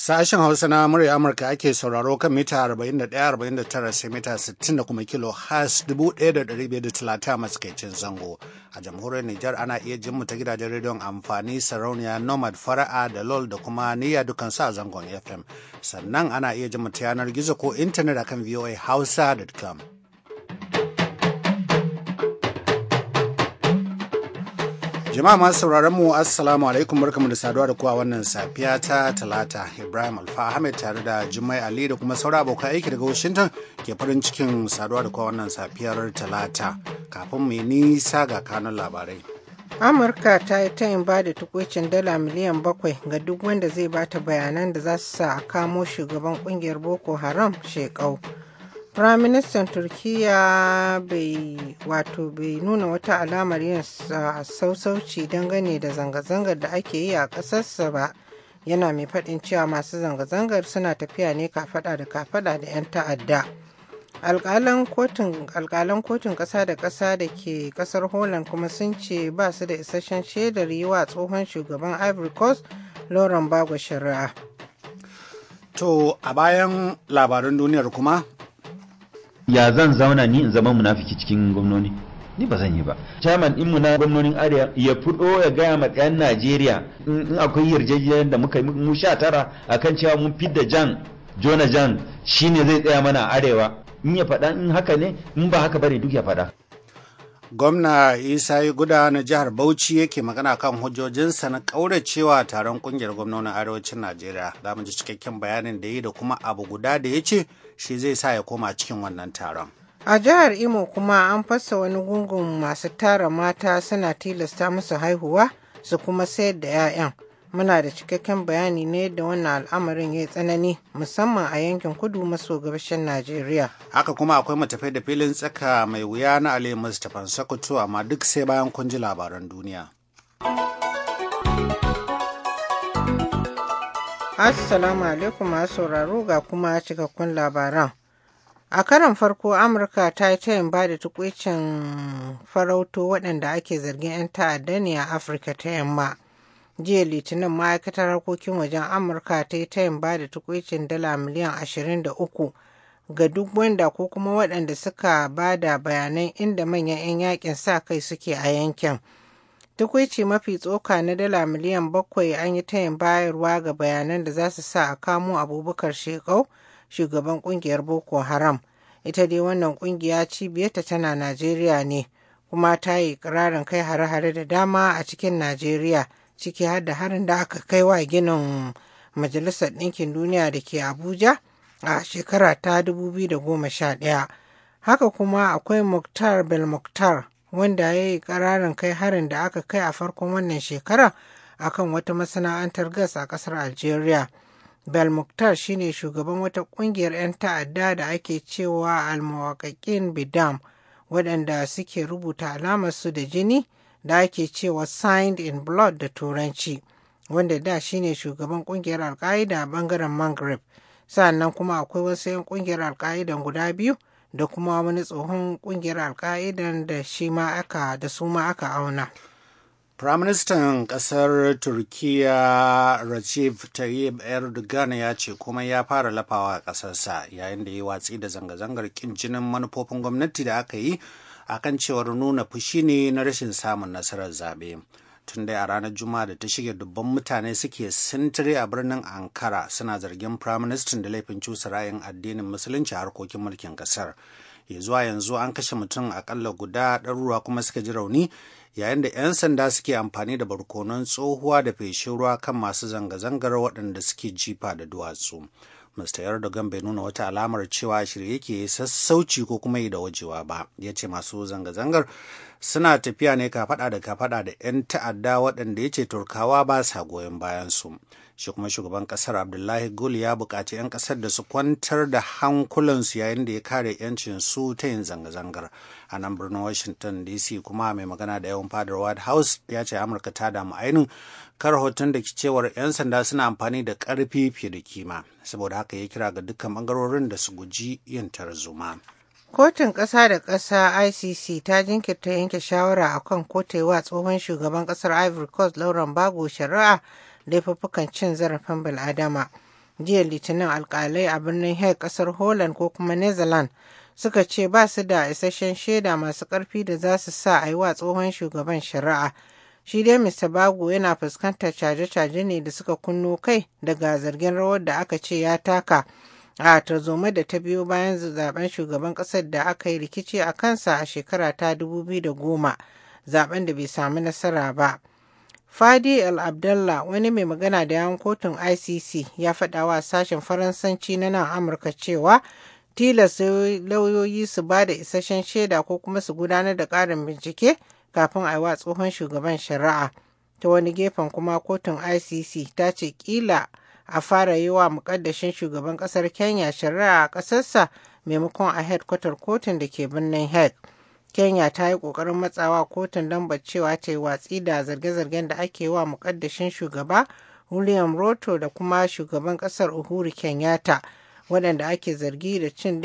Sashen Hausa na murya Amurka ake sauraro kan mita 41-49 sai mita 60 da kuma kilo has 1,530 matsakaicin zango. A jamhuriyar Nijar ana iya jin mu ta gidajen rediyon amfani sarauniya Nomad Fara'a da LOL da kuma niyya dukansu a zangon FM. Sannan ana iya jin mu ta yanar gizo ko intanet akan voahausa.com. Jama'a masu sauraron mu assalamu alaikum barkamu da saduwa da kuwa wannan safiya ta talata Ibrahim Alfa Ahmed tare da Jummai Ali da kuma saura abokan aiki daga Washington ke farin cikin saduwa da kuwa wannan safiyar talata kafin mai nisa ga kanun labarai. Amurka ta yi tayin ba da tukwicin dala miliyan bakwai ga duk wanda zai bata bayanan da za su sa a kamo shugaban kungiyar Boko Haram shekau. Firaministan Turkiyya bai wato bai nuna wata alamar yin sausauci dangane da zanga-zangar da ake yi a ƙasarsa ba yana mai faɗin cewa masu zanga-zangar suna tafiya ne kafaɗa da kafaɗa da 'yan ta'adda. Alƙalan kotun ƙasa da ƙasa da ke ƙasar Holland kuma sun ce ba su da isasshen shaidar yi wa tsohon shugaban Ivory Coast Lauren Bago shari'a. To a bayan labaran duniyar kuma ya zan zauna ni in zama munafiki cikin gwamnoni ni ba zan yi ba chairman din mu na gwamnonin arewa ya fudo ya gaya ma ɗayan najeriya in akwai yarjejeniyar da muka yi mu sha tara akan cewa mun fidda jan jona jan shine zai tsaya mana arewa in ya faɗa in haka ne in ba haka bane duk ya faɗa Gwamna Isa Guda na jihar Bauchi yake magana kan hujjojinsa na ƙauracewa taron ƙungiyar gwamnonin arewacin Najeriya. Za mu ji cikakken bayanin da yi da kuma abu guda da ya ce shi zai sa ya koma cikin wannan taron. A jihar Imo kuma an fasa wani gungun masu tara mata suna tilasta musu haihuwa su kuma sayar da 'ya'yan. muna da cikakken bayani ne da wannan al'amarin ya yi tsanani musamman a yankin kudu maso gabashin Najeriya. Haka kuma akwai matafai da filin tsaka mai wuya na Ali Mustapha Sokoto amma duk sai bayan kun ji labaran duniya. Assalamu alaikum masu sauraro ga kuma cikakkun labaran. A karon farko Amurka ta yi tayin ba da tukwicin farauto waɗanda ake zargin 'yan ta'adda ne a Afirka ta yamma. jiya litinin ma'aikatar harkokin wajen amurka ta yi tayin ba da tukwicin dala miliyan 23 ga duk wanda ko kuma waɗanda suka ba da bayanan inda manyan 'yan yakin sa kai suke a yankin tukwici mafi tsoka na dala miliyan bakwai an yi tayin bayarwa ga bayanan da za su sa a kamo abubakar shekau shugaban ƙungiyar boko haram ita dai wannan kungiya cibiyarta tana najeriya ne kuma ta yi ƙirarin kai hare-hare da dama a cikin najeriya ciki har da harin da aka kai wa ginin majalisar ɗinkin duniya da ke abuja a shekara ta 2011 haka kuma akwai muktar belmuktar wanda ya yi ƙararin kai harin da aka kai a farkon wannan shekara akan wata masana'antar gas a ƙasar algeria belmuktar shine shugaban wata ƙungiyar 'yan ta'adda da ake cewa almawakakin bidam waɗanda suke rubuta alamarsu da jini da ake cewa signed in blood da turanci wanda da shine shugaban kungiyar alka'ida a bangaren mangrove sannan kuma akwai wasu 'yan kungiyar alka'idan guda biyu da kuma wani tsohon kungiyar alka'idan da shi ma aka da su ma aka auna Firaministan ƙasar Turkiyya Recep Tayyip Erdogan ya ce kuma ya fara lafawa a ƙasarsa yayin da ya watsi da zanga-zangar ƙin jinin manufofin gwamnati da aka yi akan cewar nuna fushi ne na rashin samun nasarar zaɓe. tun dai a ranar juma'a da ta shige dubban mutane suke sintire a birnin ankara suna zargin firaministan da laifin cusa ra'ayin addinin musulunci harkokin mulkin kasar ya zuwa yanzu an kashe mutum akalla guda ɗaruruwa kuma suka ji rauni yayin da 'yan sanda suke amfani da barkonon tsohuwa da feshin ruwa kan masu zanga-zangar waɗanda suke jifa da duwatsu mr erdogan bai nuna wata alamar cewa shirye yake sassauci ko kuma yi da wajewa ba ya ce masu zanga-zangar suna tafiya ne kafaɗa da kafaɗa da 'yan ta'adda waɗanda ya ce turkawa ba sa goyon bayansu shi kuma shugaban ƙasar abdullahi gul ya buƙaci 'yan ƙasar da su kwantar da hankulansu yayin da ya kare 'yancin su ta yin zanga-zangar a nan birnin washington dc kuma mai magana da yawan fadar white house ya ce amurka ta damu ainihin kan rahoton da ke cewar 'yan sanda suna amfani da ƙarfi fiye da kima saboda haka ya kira ga dukkan bangarorin da su guji yin tarzoma. Kotun ƙasa da ƙasa ICC ta jinkirta yanke shawara akan kotewa tsohon shugaban ƙasar Ivory Coast Lauren Bago shari'a laifuffukan cin zarafin bil'adama. Jiya Litinin alƙalai a birnin Hague ƙasar Holland ko kuma Netherlands suka ce ba su da isasshen shaida masu ƙarfi da za su sa a yi wa tsohon shugaban shari'a Shi dai Mr. Bago yana fuskantar caje-caje ne da suka kunno kai daga zargin rawar da aka ce ya taka a tarzoma da ta biyo bayan zaben shugaban ƙasar da aka yi rikici a kansa a shekara ta 2010 zaben da bai samu nasara ba. Fadi El abdullah wani mai magana da yawon kotun ICC ya faɗa wa sashen Faransanci na nan Amurka cewa tilas lauyoyi su ba da isasshen shaida ko kuma su gudanar da ƙarin bincike kafin a wa tsohon shugaban shari'a ta wani gefen kuma kotun icc ta ce kila a fara yi wa mukaddashin shugaban kasar kenya shari'a a kasarsa maimakon a headquarter kotun da ke birnin hague kenya ta yi kokarin matsawa kotun don cewa ta yi watsi da zarge-zargen da ake wa mukaddashin shugaba william roto da kuma shugaban kasar uhuru kenyatta waɗanda ake zargi da cin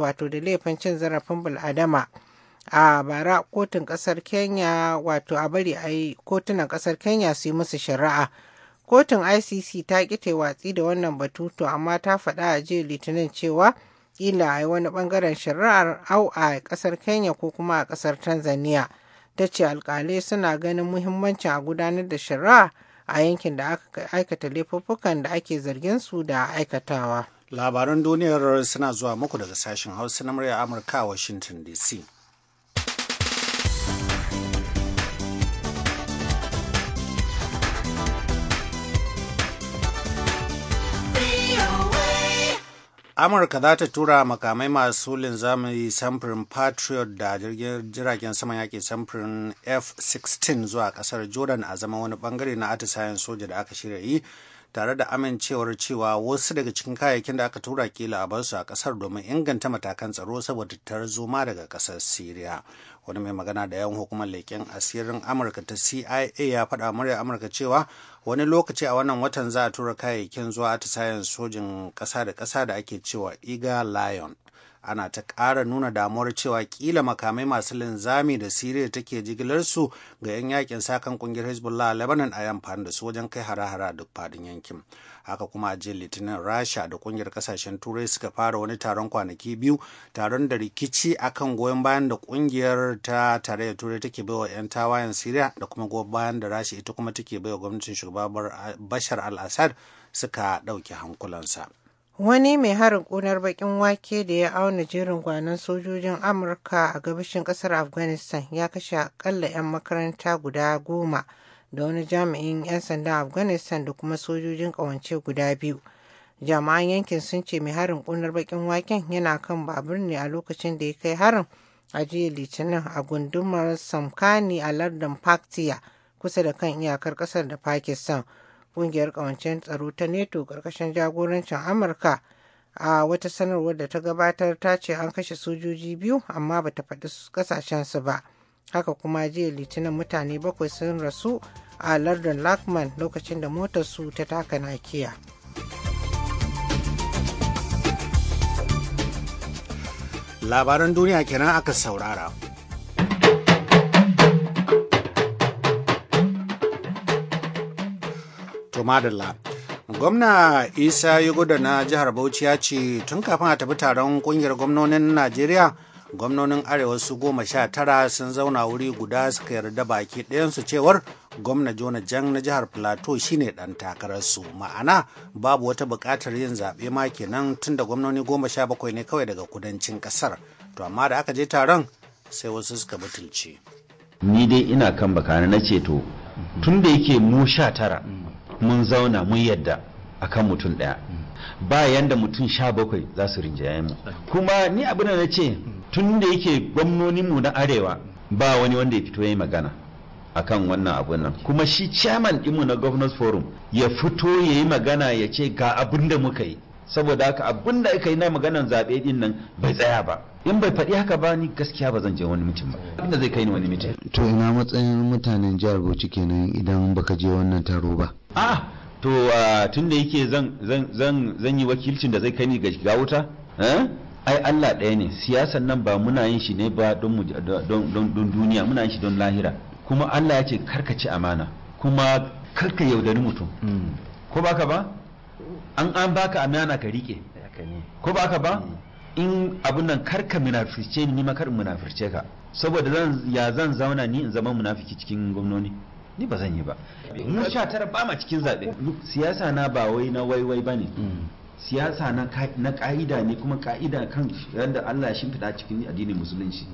wato da laifin cin zarafin bil'adama. a bara kotun kasar kenya wato a bari a yi kotunan kasar kenya su yi musu shari'a kotun icc ta ƙi watsi da wannan batutu amma ta faɗa a jiya litinin cewa ƙila a yi wani bangaren shari'ar au a ƙasar kenya ko kuma a ƙasar tanzania ta ce alƙalai suna ganin muhimmancin a gudanar da shari'a a yankin da aka aikata laifuffukan da ake zargin su da aikatawa labaran duniyar suna zuwa muku daga sashen hausa na murya amurka a washington dc amurka za ta tura makamai masu linzami samfurin patriot da jiragen saman yaƙi samfurin f-16 zuwa ƙasar jordan a zama wani bangare na atisayen soja da aka shirya yi tare da amincewar cewa wasu daga cikin kayayyakin da aka tura kila a barsu a kasar domin inganta matakan tsaro saboda tarzoma daga kasar syria wani mai magana da yan hukumar leƙen asirin amurka ta cia ya faɗa murya amurka cewa wani lokaci a wannan watan za a tura kayayyakin zuwa atisayen sojin ƙasa da ƙasa da ake cewa eager lion ana ta ƙara nuna damuwar cewa kila makamai masu linzami da siriya take jigilarsu ga 'yan yakin sakan kungiyar hezbollah a lebanon a yi amfani da su wajen kai hare-hare duk fadin yankin haka kuma a jiya litinin rasha da kungiyar kasashen turai suka fara wani taron kwanaki biyu taron da rikici akan goyon bayan da kungiyar ta tarayyar turai take baiwa 'yan tawayen siriya da kuma goyon bayan da rasha ita kuma take baiwa gwamnatin shugaba bashar al-assad suka ɗauki hankulansa. Wani mai harin ƙunar baƙin wake da ya auna jerin gwanon sojojin Amurka a gabashin ƙasar Afghanistan ya kashe akalla 'yan makaranta guda goma da wani jami'in 'yan sandan Afghanistan da kuma sojojin ƙawance guda biyu. Jami'an yankin sun ce mai harin ƙunar baƙin waken yana kan babur ne a lokacin da ya kai harin a jiya Litinin a gundumar Samkani a lardin Paktiya kusa da kan iyakar ƙasar da Pakistan. kungiyar kawancen tsaro ta neto karkashin jagorancin amurka a wata sanarwar da ta gabatar ta ce an kashe sojoji biyu amma ba ta faɗi kasashensu ba haka kuma jiya litinin mutane bakwai sun rasu a lardin lakman lokacin da motarsu ta taka nakiya labaran duniya kenan aka saurara to gwamna isa yugoda na jihar bauchi ya ce tun kafin a tafi taron kungiyar gwamnonin najeriya gwamnonin arewa su goma sha tara sun zauna wuri guda suka yarda baki ɗayansu cewar gwamna jona jan na jihar plateau shine ɗan takararsu ma'ana babu wata buƙatar yin zaɓe ma kenan tun da gwamnoni goma sha bakwai ne kawai daga kudancin ƙasar to amma da aka je taron sai wasu suka butulce ni dai ina kan bakana na ce to tun da yake mu sha tara mun zauna mun yadda a kan mutum daya ba yanda mutum sha bakwai za su rinjaye mu kuma ni abin da na ce tun da yake mu na arewa ba wani wanda ya fito ya yi magana kan wannan abun nan kuma shi chairman dinmu na governors forum ya fito ya yi magana ya ce ga abin da muka yi saboda haka abin da aka yi na maganan zaɓe din nan bai tsaya ba in bai faɗi haka ba ni gaskiya ba zan je wani mutum ba inda zai kai ni wani mutum. to ina matsayin mutanen jihar Bauchi kenan idan baka je wannan taro ba a ah, to ah, tun da yake zan yi wakilcin da zai kani ga shiga wuta eh? ai Allah ɗaya ne siyasan nan ba muna yin shi ne ba don duniya muna yin shi don lahira kuma Allah ya ce karkace amana kuma karka yaudari mutum hmm. ko baka ba an an baka amana ka rike ko baka ba hmm. in abun nan karka munafirce ni ma kar munafirce ka saboda zan ya zan zauna ni in zama munafiki cikin gwamnoni ni ba zan yi ba mu sha tara ba ma cikin zaɓe siyasa na ba wai na waiwai ba ne mm. siyasa na ka'ida ne kuma ka'ida kan yadda Allah ya shimfiɗa cikin addinin musulunci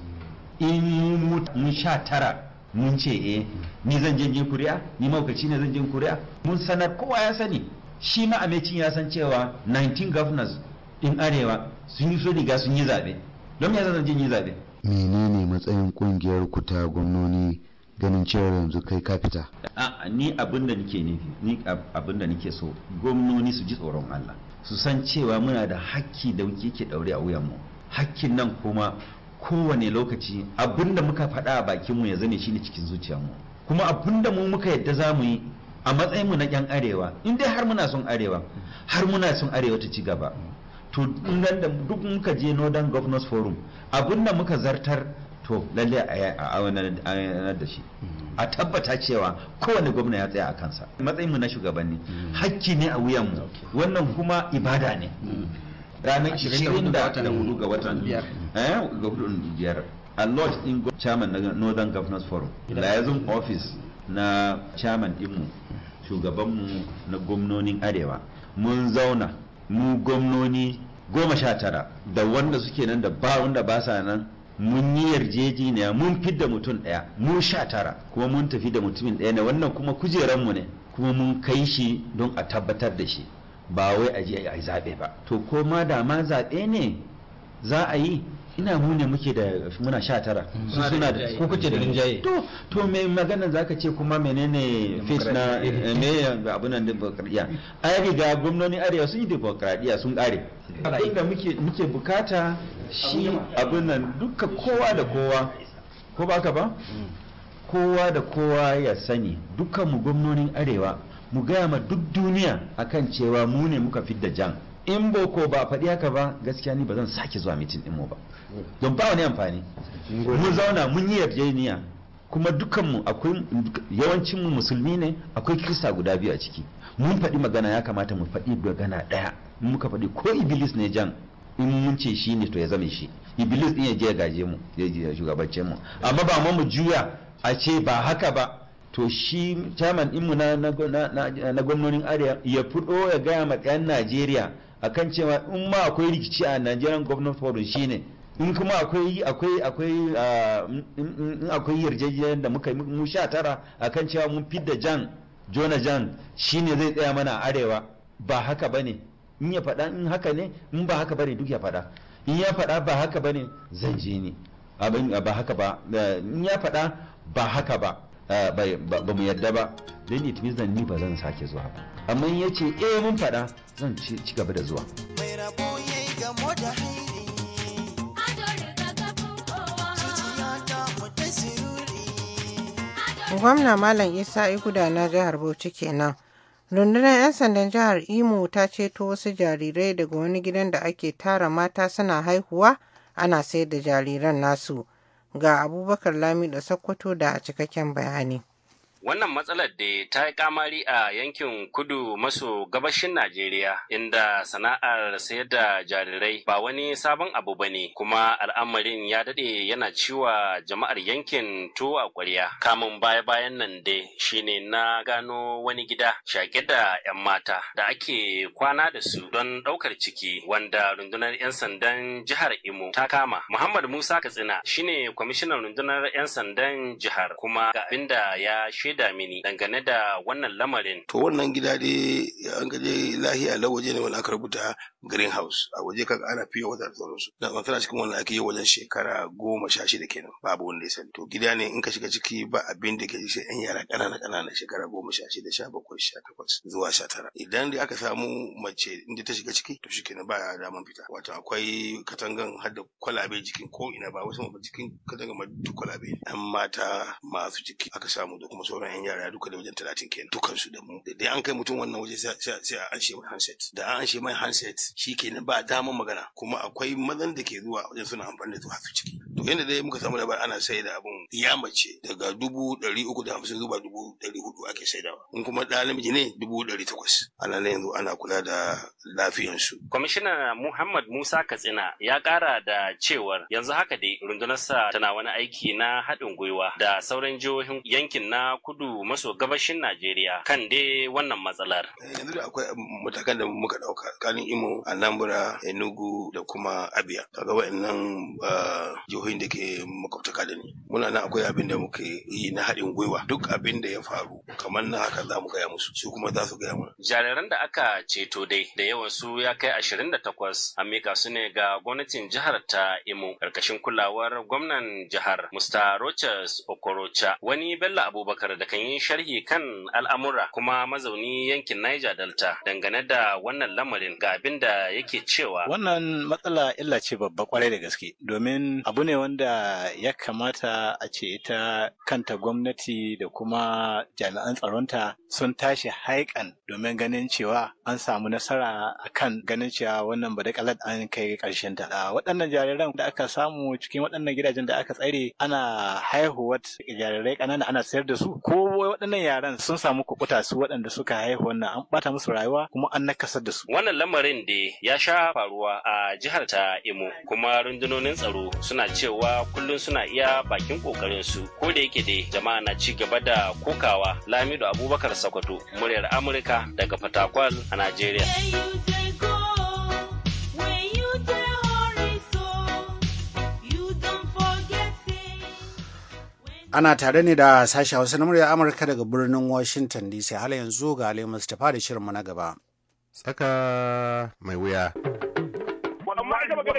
in mun sha tara mun ce eh ni zan je je kuri'a ni maukaci ne zan je kuri'a mun sanar kowa ya sani shi ma amecin ya san cewa 19 governors din arewa sun yi so riga sun yi zaɓe don me zan je yi zaɓe menene matsayin kungiyar ku ta gwamnoni ganin cewar yanzu kai ka fita ni abin da nake nufi ni abin da so gwamnoni su ji tsoron Allah su san cewa muna da hakki da yake daure a wuyan mu hakkin nan kuma kowane lokaci abin da muka faɗa a bakin mu ya zane shine cikin zuciyar mu kuma abin da mu muka yadda za mu yi a matsayin mu na yan arewa in dai har muna son arewa har muna son arewa ta ci gaba to duk muka je northern governors forum abinda muka zartar to lallai a yanar da shi a tabbata cewa kowane gwamna ya tsaya a kansa mu na shugabanni mm. hakki ne a wuyanmu wannan kuma ibada ne mm. ranar hudu ga watan biyar eh, a lodge in chairman na northern governors forum liaison office na chairman dinmu shugabanmu na gwamnonin arewa mun zauna mu gwamnoni goma sha tara da wanda suke nan da ba wanda ba sa nan mun yi yarjejeniya mun fi da mutum ɗaya mun sha tara kuma mun tafi da mutumin ɗaya ne wannan kuma kujeranmu ne kuma mun kai shi don a tabbatar da shi ba wai a je a zaɓe ba to ko ma da ma zaɓe ne za a yi ina mu ne muke da muna sha tara su suna da ko kuke da rinjaye to to me magana zaka ce kuma menene face na me abun nan demokradiya ai riga gwamnati arewa sun yi demokradiya sun kare inda muke muke bukata shi abun nan duka kowa da kowa ko ba ka ba kowa da kowa ya sani dukkan mu gwamnonin arewa mu gaya ma duk duniya akan cewa mu ne muka fidda jan in boko ba faɗi haka ba gaskiya ni ba zan sake zuwa mitin ɗinmu ba don ba wani amfani mun zauna mun yi yarjejeniya kuma dukanmu akwai yawancinmu musulmi ne akwai kirista guda biyu a ciki mun faɗi magana ya kamata mu faɗi magana ɗaya muka faɗi ko iblis ne jan in mun ce shi ne to ya zame shi iblis ɗin ya je ya gaje mu ya shugabance mu amma ba mu juya a ce ba haka ba to shi chairman ɗinmu na gwamnonin arewa ya fudo ya gaya ma ɗayan najeriya akan cewa in ma akwai rikici a Nigerian Governor Forum shine in kuma akwai akwai akwai in akwai yarjejeniyar da muka mu sha tara akan cewa mun fidda jan jona jan shine zai tsaya mana a arewa ba haka bane in ya faɗa in haka ne in ba haka bane duk ya faɗa in ya faɗa ba haka bane zan je ne abin ba haka ba eh, in ya faɗa ba haka ba Eh, ba mu yadda ba then it means ni ba zan sake zuwa ba amma ya ce eh mun faɗa zan ci gaba da zuwa gwamna malam isa iguda na jihar bauchi kenan rundunar 'yan sandan jihar imo ta ceto wasu jarirai daga wani gidan da ake tara mata suna haihuwa ana sayar da jariran nasu ga Abubakar Lami da Sokoto da cikakken bayani. Wannan matsalar da ta yi kamari a yankin kudu maso gabashin Najeriya inda sana'ar sayar da jarirai ba wani sabon abu ba ne kuma al'amarin ya daɗe yana ciwa jama'ar yankin tuwo a ƙwarya. Kamun baya-bayan nan dai shine na gano wani gida shaƙe da 'yan mata da ake kwana da su don ɗaukar ciki wanda rundunar 'yan sandan jihar Imo ta kama. Muhammad Musa Katsina shine kwamishinan rundunar 'yan sandan jihar kuma ga abin da ya shirya shaida mini dangane da wannan lamarin. To wannan gida dai an gaje lahiya lau waje ne wanda aka rubuta green a waje kaga ana fiye wata su Na ban tana cikin wannan ake yi wajen shekara goma sha shida kenan babu wanda ya sani. To gida ne in ka shiga ciki ba abin da ke sai yan yara ƙanana ƙanana shekara goma sha shida sha bakwai sha takwas zuwa sha tara. Idan dai aka samu mace inda ta shiga ciki to shikenan ba daman fita. Wato akwai katangan har da kwalabe jikin ko ina ba wasu mafi jikin katangan ma duk kwalabe. Yan mata masu ciki aka samu da kuma sauran sauran yan yara duka da wajen talatin kenan su da mu da an kai mutum wannan waje sai a anshe mai handset da an anshe mai handset shi kenan ba damar magana kuma akwai mazan da ke zuwa wajen suna amfani da zuwa ciki To yadda dai muka samu labar ana sai da abun ya mace daga dubu ɗari uku da hamsin zuwa dubu ɗari hudu ake da In kuma ɗa namiji ne dubu ɗari takwas. Ana nan yanzu ana kula da lafiyansu. Kwamishina Muhammad Musa Katsina ya ƙara da cewar yanzu haka dai sa tana wani aiki na haɗin gwiwa da sauran jihohin yankin na kudu maso gabashin Najeriya kan dai wannan matsalar. Eh, yanzu da akwai matakan da muka ɗauka kanin Imo, Anambra, Enugu da kuma Abia. Kaga wa'annan ah, jihohin. jihohin da ke makwabtaka da ni muna nan akwai abin da muke yi na haɗin gwiwa duk abin da ya faru kamar na haka za mu gaya musu su kuma za su gaya mana jariran da aka ceto dai da yawan su ya kai ashirin da takwas an mika su ne ga gwamnatin jihar ta imo karkashin kulawar gwamnan jihar musta rochas okorocha wani bello abubakar da kan yi sharhi kan al'amura kuma mazauni yankin niger delta dangane da wannan lamarin ga abin da yake cewa wannan matsala illa ce babba kwarai da gaske domin abu ne wanda ya kamata a ce ita kanta gwamnati da kuma jami'an tsaronta sun tashi haikan domin ganin cewa an samu nasara a kan ganin cewa wannan badakalar an kai karshen ta. Waɗannan jariran da aka samu cikin waɗannan gidajen da aka tsare ana haihuwar jarirai ƙanana ana sayar da su ko waɗannan yaran sun samu kukuta su waɗanda suka haihu wannan an ɓata musu rayuwa kuma an nakasar da su. Wannan lamarin da ya sha faruwa a jihar ta Imo kuma rundunonin tsaro suna cewa kullum suna iya bakin ƙoƙarin su ko da yake dai jama'a na ci gaba da kokawa Lamido Abubakar Sokoto, muryar Amurka daga Fatakwal a Najeriya. Ana tare ne da sashi Hausa na muryar Amurka daga birnin Washington DC hala yanzu ga Ali Mustapha da shirinmu na gaba. Tsaka mai wuya. Wallahi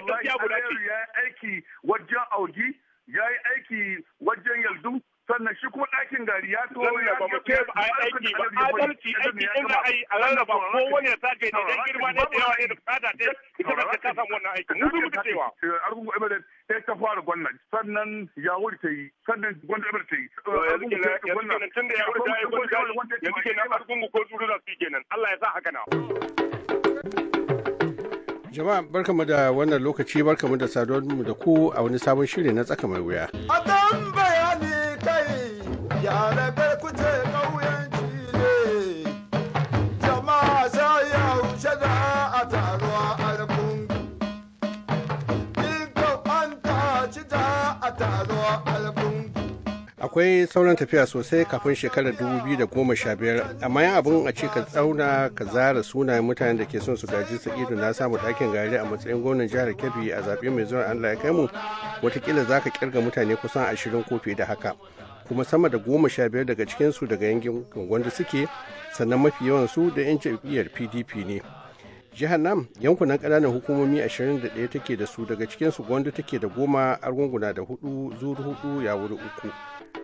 aiki wajen augi, ya yi aiki wajen yaldu, sannan shi kuma ɗakin gari ya to ya ba mutum ba a aiki ba adalci aiki in za a yi a lallaba ko wani ya sake ne dan girma ne da yawa ne da fada ne ita da ta samu wannan aiki mu bi muka cewa argungu emirate ta ta fara gwannan sannan ya yawuri ta yi sannan gwanda emirate ta yi yanzu kenan tun da ya yawuri ta yi gwanda yanzu kenan argungu ko zuru za su yi kenan Allah ya sa haka na. jama'a barkamu da wannan lokaci barkamu da saduwar mu da ku a wani sabon shiri na tsaka mai wuya. A tambaya ne jama'a akwai sauran tafiya sosai kafin shekarar 2015 amma yan abin a ce ka tsauna ka zara sunayen mutanen da ke son su gaji ido na samu ɗakin gari a matsayin gwamnan jihar kebbi a zaɓe mai zuwa allah ya kai mu watakila za ka kirga mutane kusan ashirin kofi da haka kuma sama da goma sha biyar daga cikinsu daga yankin gwanda suke sannan mafi yawan su da 'yan jam'iyyar pdp ne jihar nam yankunan ƙananan hukumomi ashirin da 21 take da su daga cikinsu gwanda take da goma argunguna da hudu zuru hudu ya wuri uku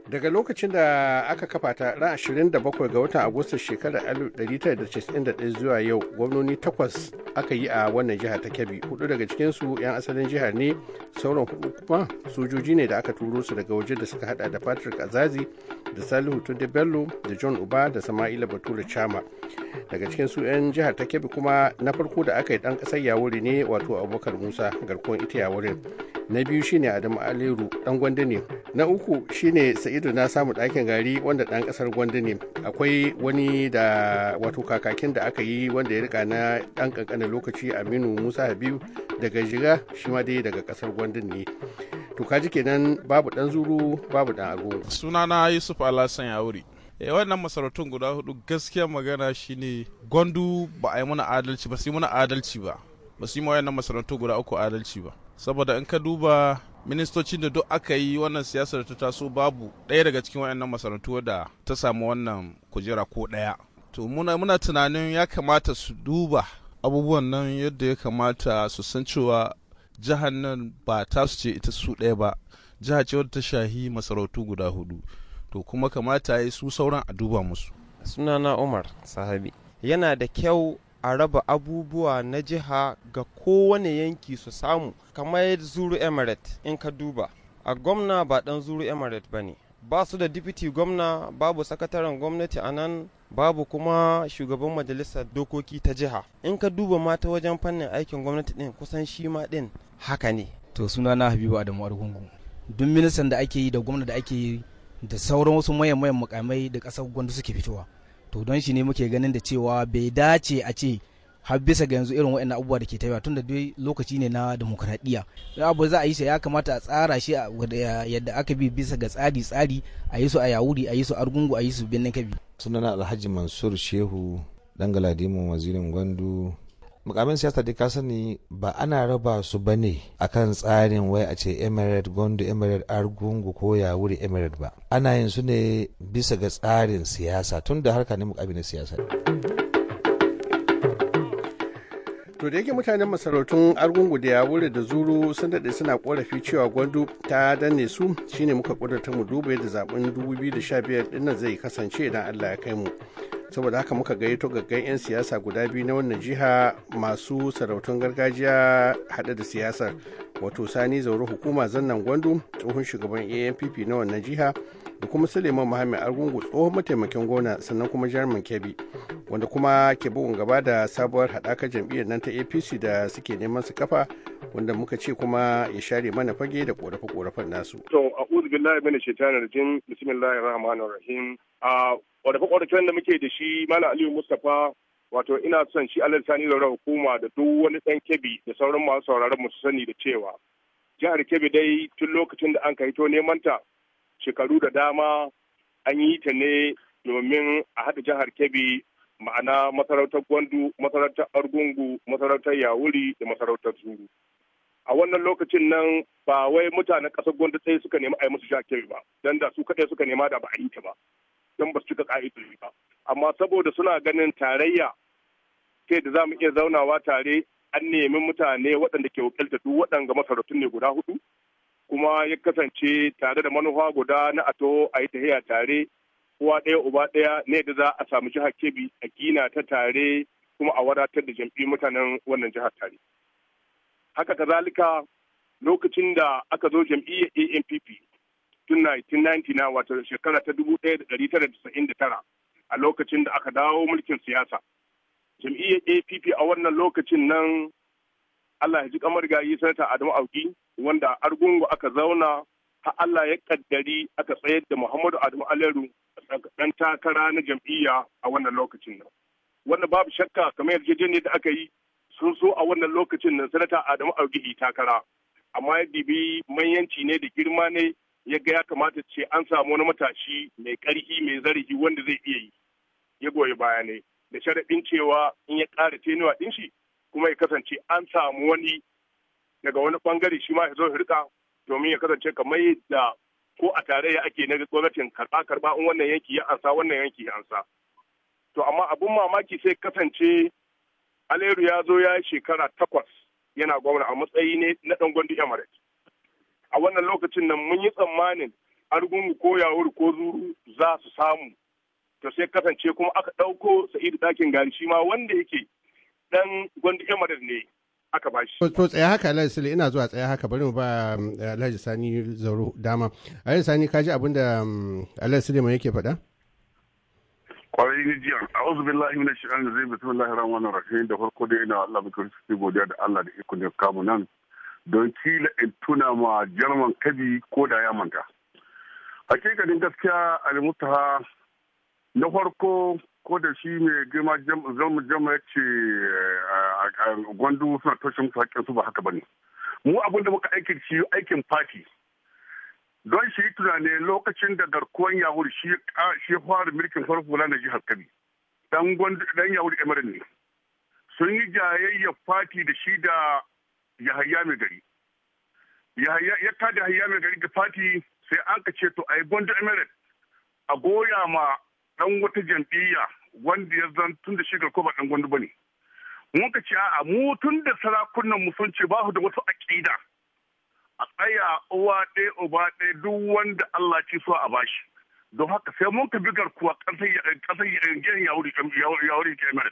daga lokacin da aka kafa ta ran 27 ga watan agusta shekarar 1991 zuwa yau gwamnoni takwas aka yi a wannan jihar ta kebbi hudu daga cikinsu 'yan asalin jihar ne sauran hudu kuma sojoji ne da aka turo su daga waje da suka hada da patrick azazi da salihu tunde bello da john uba da sama'ila bature chama daga cikinsu 'yan jihar ta kebbi kuma na farko da aka yi dan kasar yawuri ne wato abubakar musa garkuwan ita yawurin na biyu shine adamu aliru dan gwanda ne na uku shine sa'idu na samu dakin gari wanda dan kasar gwanda ne akwai wani da wato kakakin da aka yi wanda ya rika na dan kankanin lokaci aminu musa habibu daga jiga shi ma dai daga kasar gwanda ne to kaji kenan babu dan zuru babu ɗan suna sunana yusuf alhassan yauri e wannan masarautun guda hudu gaskiya magana shine gwandu ba a yi mana adalci ba su mana adalci ba ba su yi nan masarautu guda uku adalci ba saboda in ka duba ministocin da duk aka yi wannan siyasar ta taso babu ɗaya daga cikin wayannan masarautu da ta samu wannan kujera ko ɗaya to muna, muna tunanin ya kamata su duba abubuwan nan yadda ya kamata su san cewa jihar nan ba ta su ce ita su ɗaya ba jiha ce wadda ta shahi masarautu guda hudu to kuma kamata ya su sauran a duba musu sunana umar sahabi yana da kyau a raba abubuwa na jiha ga kowane yanki su samu kamar zuru emirate in ka duba a gwamna ba dan zuru emirate ba ne ba su da dipiti gwamna babu sakataren gwamnati a nan babu kuma shugaban majalisar dokoki ta jiha in ka duba mata wajen fannin aikin gwamnati din kusan shi ma ɗin haka ne to suna na habibu adamu argungu duk ministan da ake yi da gwamna da ake yi da sauran wasu mayan mayan mukamai da kasar gwanda suke fitowa to don shi ne muke ganin da cewa bai dace a ce har bisa ga yanzu irin waɗannan abubuwa da ke tafiya tunda dai lokaci ne na demokradiyya abu za a yi shi ya kamata a tsara shi yadda aka bi bisa ga tsari tsari a yi su a yawuri a yi su argungu a yi su birnin kabi sunana alhaji mansur shehu dan galadimin mazinin gwandu mukamin siyasa dai ka sani ba ana raba su ba ne a kan tsarin wai a ce emirate gondo emirate argungu ko ya wuri emirate ba ana yin su ne bisa ga tsarin siyasa tun da harka ne mukamin siyasa to da yake mutanen masarautun argungu da yawuri da zuru sun daɗe suna korafi cewa gwandu ta danne su shine muka kudurta mu duba yadda zaben 2015 nan zai kasance idan allah ya kai mu saboda haka muka gayyato gaggan 'yan siyasa guda biyu na wannan jiha masu sarautun gargajiya haɗe da siyasar wato sani zauro hukuma zannan gwandu tsohon shugaban ampp na wannan jiha da kuma suleiman muhammad argungu tsohon mataimakin gona sannan kuma jarman kebi wanda kuma ke bugun gaba da sabuwar haɗakar jam'iyyar nan ta apc da suke neman su kafa wanda muka ce kuma ya share mana fage da korafe-korafen nasu. to a uzubillahi mana shaitanar rajim bismillahir rahmanir rahim a korafe-korafen da muke da shi malam aliyu mustapha wato ina son shi alal sani da hukuma da duk wani dan kebi da sauran masu sauraron mu su sani da cewa jihar kebbi dai tun lokacin da an kai to neman ta shekaru da dama an yi ta ne domin a haɗa jihar Kebbi ma'ana masarautar Gwandu, masarautar Argungu, masarautar Yawuri da masarautar Zuru. A wannan lokacin nan ba wai mutanen ƙasar Gwandu sai suka nema a yi musu jihar Kebbi ba, don da su kaɗai suka nema da ba a yi ta ba, don ba su cika ƙa'idodi ba. Amma saboda suna ganin tarayya sai da za mu iya zaunawa tare an nemi mutane waɗanda ke wakilta duk waɗanga masarautun ne guda hudu kuma ya kasance tare da manufa guda na ato a yi tahiya tare uwa ɗaya uba ɗaya ne da za a samu jihar kebbi a gina ta tare kuma a wadatar da jam'i mutanen wannan jihar tare haka kazalika lokacin da aka zo jam'iyyar ampp tun 1990 na wato shekara ta 1999 a lokacin da aka dawo mulkin siyasa jam'iyyar app a wannan lokacin nan allah ya ji kamar gayi sanata adamu auki wanda argungu aka zauna har Allah ya kaddari aka tsayar da Muhammadu Adamu Aleru dan takara na jam'iyya a wannan lokacin nan. Wannan babu shakka kamar yarjejeniyar da aka yi sun so a wannan lokacin nan sanata Adamu Augihi takara. Amma ya dibi manyanci ne da girma ne ya ga ya kamata ce an samu wani matashi mai ƙarfi mai zarafi wanda zai iya yi. Ya goyi baya ne da sharaɗin cewa in ya ƙara tenuwa ɗin shi kuma ya kasance an samu wani daga wani bangare shi ma ya zo rika domin ya kasance kamar yadda ko a tarayya ake na gwamnatin karba karba in wannan yanki ya ansa wannan yanki ya ansa to amma abun mamaki sai kasance aleru ya zo ya shekara takwas yana gwamna a matsayi ne na dan gwandu emirates a wannan lokacin nan mun yi tsammanin argungu ko yawur ko zuru za su samu to sai kasance kuma aka ɗauko sa'idu dakin gari shi ma wanda yake ɗan gwandu emirates ne aka ba shi. To tsaya haka Alhaji Sule ina zuwa tsaya haka bari mu ba um, Alhaji Sani Zauro dama. Alhaji Sani kaji abin da um, Alhaji Sule mai yake faɗa? Kwarai ni jiya, a'udhu billahi zai shaitanir rajim, ran wani rahim da farko da ina Allah muku rufi godiya da Allah da ikon da kamu nan. Don kila in tuna ma jarman kabi ko da ya manta. Hakikanin gaskiya Al-Mutaha na farko ko da shi mai girma zama jama ya ce eh, a gwandu suna toshe musu haƙƙin su ba haka ba ne. mu abin da muka aikin shi aikin fati don shi tunane lokacin da garkuwan yawuri shi shi fara mulkin farko na jihar kabi dan gwandu dan yawuri emirin ne sun yi jayayya fati da shi da yahaya mai gari ya da yahaya mai gari da fati sai an ka ce to ai gwandu emirin a goya ma dan wata jam'iyya wanda ya zan tun da shigar ko ba dan gwandu bane mun ka ce a mu tun da sarakunan mu sun ce ba su da wasu aƙida a tsaya uwa ɗaya uba ɗaya duk wanda Allah ci so a bashi don haka sai mun ka bi garkuwa ƙasar yankin yawuri yawuri kemiyar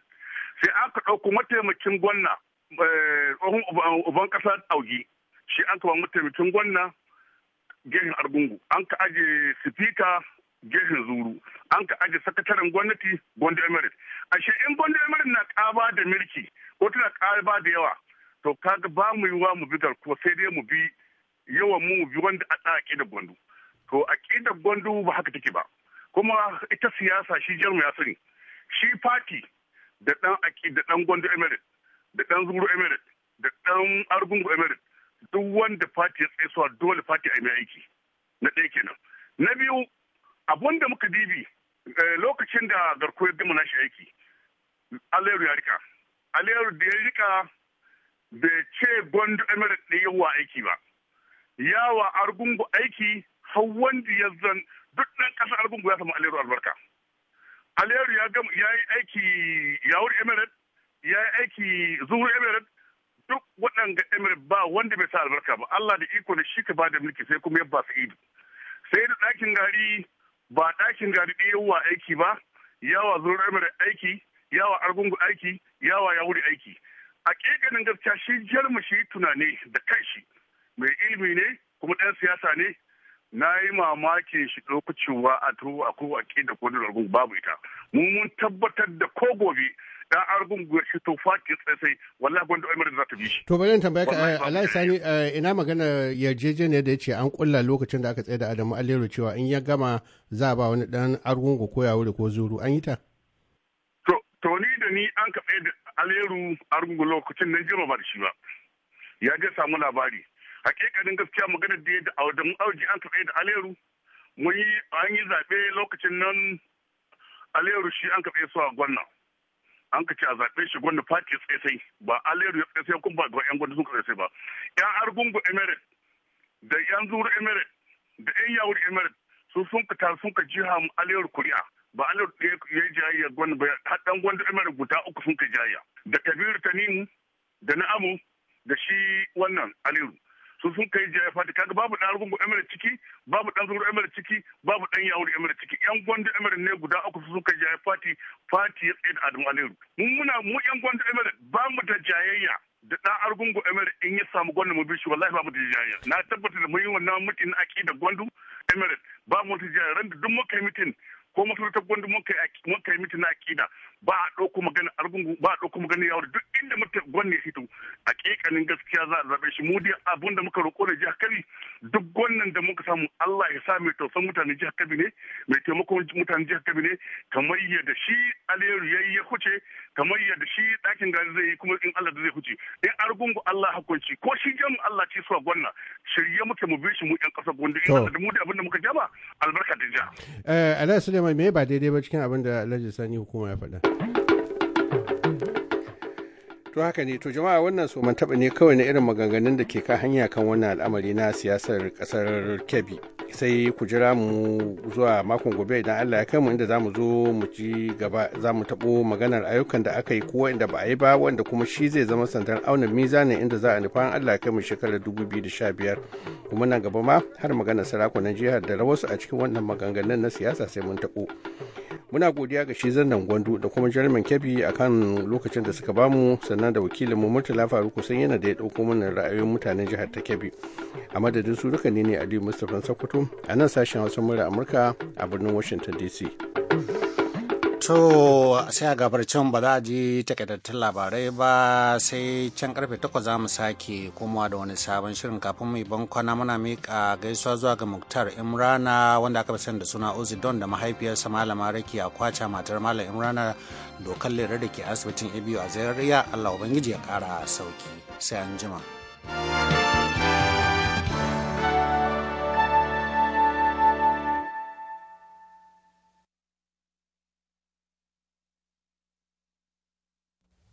sai aka dauko mataimakin gwanna eh, tsohon uban kasa ɗauki shi an ba mataimakin gwanna gehen argungu an ka aje sifika gefen zuru an ka aje sakataren gwamnati bondo emirate ashe in bondo emirate na kaba da mulki ko tana kaba da yawa to kaga ba mu yiwa mu bi garkuwa sai dai mu bi yawan mu bi wanda a tsaki da gwandu to a aƙidar gwandu ba haka take ba kuma ita siyasa shi jarmu ya sani shi fati da dan da dan gwandu emirate da dan zuru emirate da dan argungu emirate duk wanda party ya tsaye dole fati a mai aiki na ɗaya kenan na biyu abun da muka dibi eh, lokacin da garkuwa ya gama nashi aiki alayyar ya rika da ya rika bai ce gwandu emirate da yawa aiki ba yawa argungu aiki har wanda ya zan duk ɗan ƙasar argungu ya samu alayyar albarka alayyar ya yi aiki yawur emirate ya yi aiki zuhur emirate duk waɗanda emirate ba wanda bai sa albarka ba allah da iko da shi ka ba da mulki sai kuma ya ba su ido sai da ɗakin gari ba ɗakin gari yawa aiki ba yawa zurar aiki yawa argungu aiki yawa ya wuri aiki a ƙeganin gaskiya shi shi tunani da kai shi. mai ilimi ne kuma ɗan siyasa ne na yi mamakin shi ɗaukacewa a turu a kowa da kodin argungu babu ita mu mun tabbatar da ko gobe da argun guwar shi to faki sai wallahi gwanda umar za ta bi shi to bayan tambaya ka Allah sani eh, ina magana yarjejeniyar da ya ce an kulla lokacin da aka tsaye da adamu alero cewa in ya gama za ba wani dan argungu ko wuri ko zuru an yi ta to ni da ni an ka tsaya da aleru argungu lokacin nan jiro ba da shi ba ya je samu labari hakikanin gaskiya maganar da ya da adamu auji an ka tsaya da aleru mun yi an yi zaɓe lokacin nan aleru shi an kafe su a gwanna an ka ce a zaɓe shi gwanna fati tsaye sai ba aleru ya tsaye kun ba ga yan gwanda sun tsaye sai ba yan argungu emirate da yan zuru emirate da yan yawur emirate su sun ka taru sun ka jiha aleru kuri'a ba aleru ɗaya ya jayayya gwanna ba haɗan gwanna emirate guda uku sun ka jayayya da kabiru tanimu da na'amu da shi wannan aleru su sun kai jiya fati kaga babu dan rungu emir ciki babu dan rungu emir ciki babu dan yawuri emir ciki yan gwanda emir ne guda uku su kai jiya fati fati ya tsaye da adamu aliru mun muna mu yan gwanda emir ba mu da jayayya da ɗan argungu emir in ya samu gwanda mu bishi wallahi ba mu da jayayya na tabbatar da mu yi wannan mutum na aki da gwandu emir ba mu da jayayya ran da duk muka yi mutum ko masarautar gwandu mun kai miti na akida ba a ɗauko magana argungu ba a ɗauko magana yawon duk inda muka gwanne fito a ƙeƙanin gaskiya za a zaɓe shi mu dai abin da muka roƙo da jihar kabi duk gwannan da muka samu Allah ya sa mai tausan mutanen jihar kabi ne mai taimakon mutanen jihar kabi ne kamar yadda shi Aliyu ya yi ya huce kamar yadda shi ɗakin gari zai yi kuma in Allah zai huce in argungu Allah hakunci ko shi jam Allah ce suwa gwanna shirye muke mu bi shi mu ɗan ƙasar gundu in Allah da mu da abin da muka jama albarka da ja. Eh, Alhaji Suleiman me ba daidai ba cikin abin da Alhaji Sani hukuma ya faɗa. To haka ne to jama'a wannan so man taba ne kawai na irin maganganun da ke kan hanya kan wannan al'amari na siyasar ƙasar Kebbi. sai ku jira mu zuwa makon gobe idan Allah ya kaimu inda zamu zo mu ci gaba za mu taɓo maganar ayyukan da aka yi ko inda ba a yi ba wanda kuma shi zai zama sandar auna mizanin inda za a nufa Allah ya kaimu shekarar 2015 kuma nan gaba ma har maganar sarakunan jihar da rawarsu a cikin wannan maganganun na siyasa sai mun taɓo. muna godiya ga shi zannan gwandu da kuma jermin kebi akan lokacin da suka bamu sannan da wakilin mu murtala faruku san yana da ya dauko mana ra'ayoyin mutanen jihar ta kebi a madadin su duka ne ne aliyu mustapha sokoto a nan sashen hausa mura amurka a birnin washington dc To sai a gabar can ba za a ji takaitattun labarai ba sai can karfe takwas za mu sake komawa da wani sabon shirin kafin mu ban kwana muna mika gaisuwa zuwa ga Muktar Imrana wanda aka fi da suna Uzi Don da mahaifiyarsa Malama Raki a kwacha matar Malam Imrana dokar lera da ke asibitin Ibiyu a Zaria Allah Ubangiji ya ƙara sauki sai an jima.